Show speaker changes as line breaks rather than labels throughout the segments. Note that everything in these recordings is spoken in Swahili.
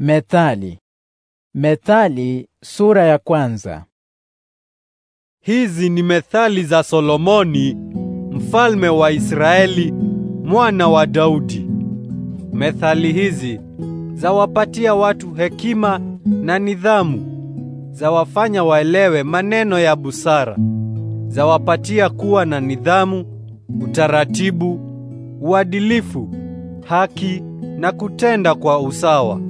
Methali. Methali sura ya kwanza. Hizi ni methali za Solomoni mfalme wa Israeli mwana wa Daudi. Methali hizi zawapatia watu hekima na nidhamu, zawafanya waelewe maneno ya busara, zawapatia kuwa na nidhamu, utaratibu, uadilifu, haki na kutenda kwa usawa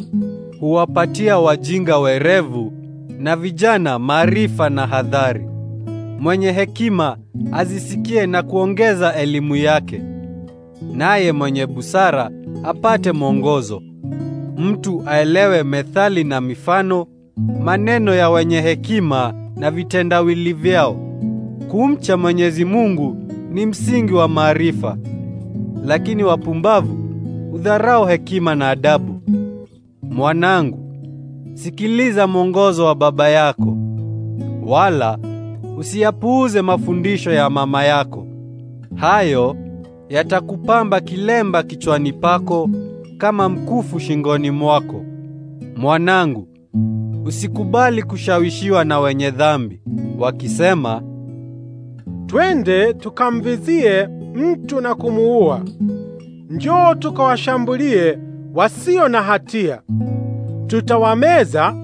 huwapatia wajinga werevu na vijana maarifa na hadhari. Mwenye hekima azisikie na kuongeza elimu yake, naye mwenye busara apate mwongozo. Mtu aelewe methali na mifano, maneno ya wenye hekima na vitendawili vyao. Kumcha Mwenyezi Mungu ni msingi wa maarifa, lakini wapumbavu udharau hekima na adabu. Mwanangu, sikiliza mwongozo wa baba yako, wala usiyapuuze mafundisho ya mama yako. Hayo yatakupamba kilemba kichwani pako kama mkufu shingoni mwako. Mwanangu, usikubali kushawishiwa na wenye dhambi
wakisema, twende tukamvizie mtu na kumuua, njoo tukawashambulie wasio na hatia, tutawameza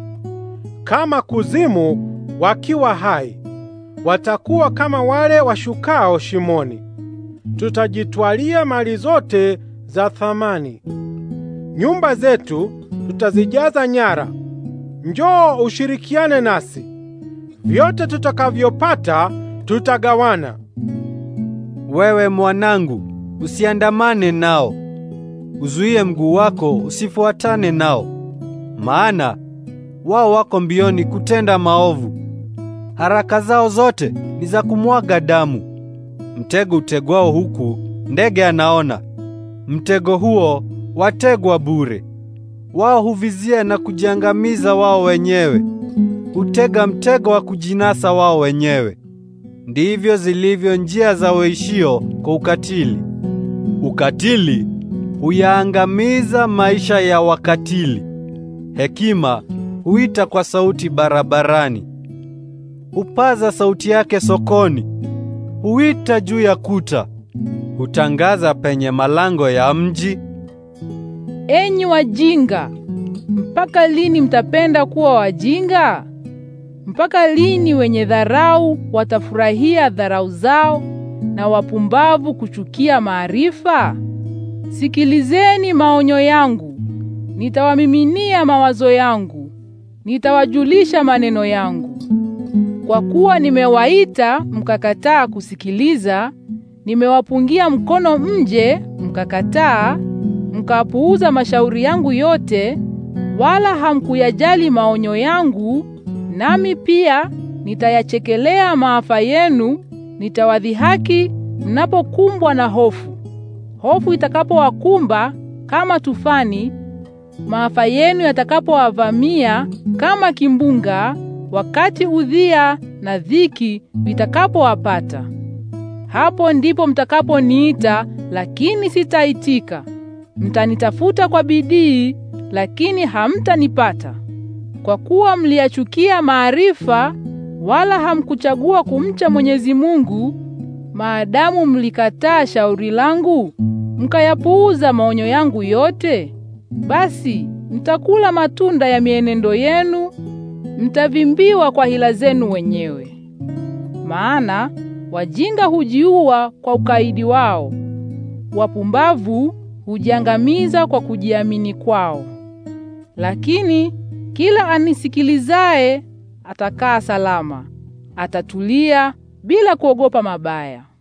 kama kuzimu wakiwa hai. Watakuwa kama wale washukao shimoni. Tutajitwalia mali zote za thamani, nyumba zetu tutazijaza nyara. Njoo ushirikiane nasi, vyote tutakavyopata tutagawana. Wewe mwanangu,
usiandamane nao uzuie mguu wako usifuatane nao, maana wao wako mbioni kutenda maovu, haraka zao zote ni za kumwaga damu. Mtego utegwao huku ndege anaona, mtego huo wategwa bure. Wao huvizia na kujiangamiza wao wenyewe, hutega mtego wa kujinasa wao wenyewe. Ndivyo zilivyo njia za waishio kwa ukatili. Ukatili huyaangamiza maisha ya wakatili. Hekima huita kwa sauti barabarani, hupaza sauti yake sokoni, huita juu ya kuta, hutangaza penye malango ya mji.
Enyi wajinga, mpaka lini mtapenda kuwa wajinga? Mpaka lini wenye dharau watafurahia dharau zao na wapumbavu kuchukia maarifa? Sikilizeni maonyo yangu, nitawamiminia mawazo yangu, nitawajulisha maneno yangu. Kwa kuwa nimewaita mkakataa kusikiliza, nimewapungia mkono nje mkakataa, mkapuuza mashauri yangu yote, wala hamkuyajali maonyo yangu, nami pia nitayachekelea maafa yenu, nitawadhihaki mnapokumbwa na hofu hofu itakapowakumba kama tufani, maafa yenu yatakapowavamia kama kimbunga, wakati udhia na dhiki vitakapowapata. Hapo ndipo mtakaponiita, lakini sitaitika; mtanitafuta kwa bidii, lakini hamtanipata. Kwa kuwa mliyachukia maarifa, wala hamkuchagua kumcha Mwenyezi Mungu, maadamu mlikataa shauri langu mkayapuuza maonyo yangu yote, basi mtakula matunda ya mienendo yenu, mtavimbiwa kwa hila zenu wenyewe. Maana wajinga hujiua kwa ukaidi wao, wapumbavu hujiangamiza kwa kujiamini kwao. Lakini kila anisikilizaye atakaa salama, atatulia bila kuogopa mabaya.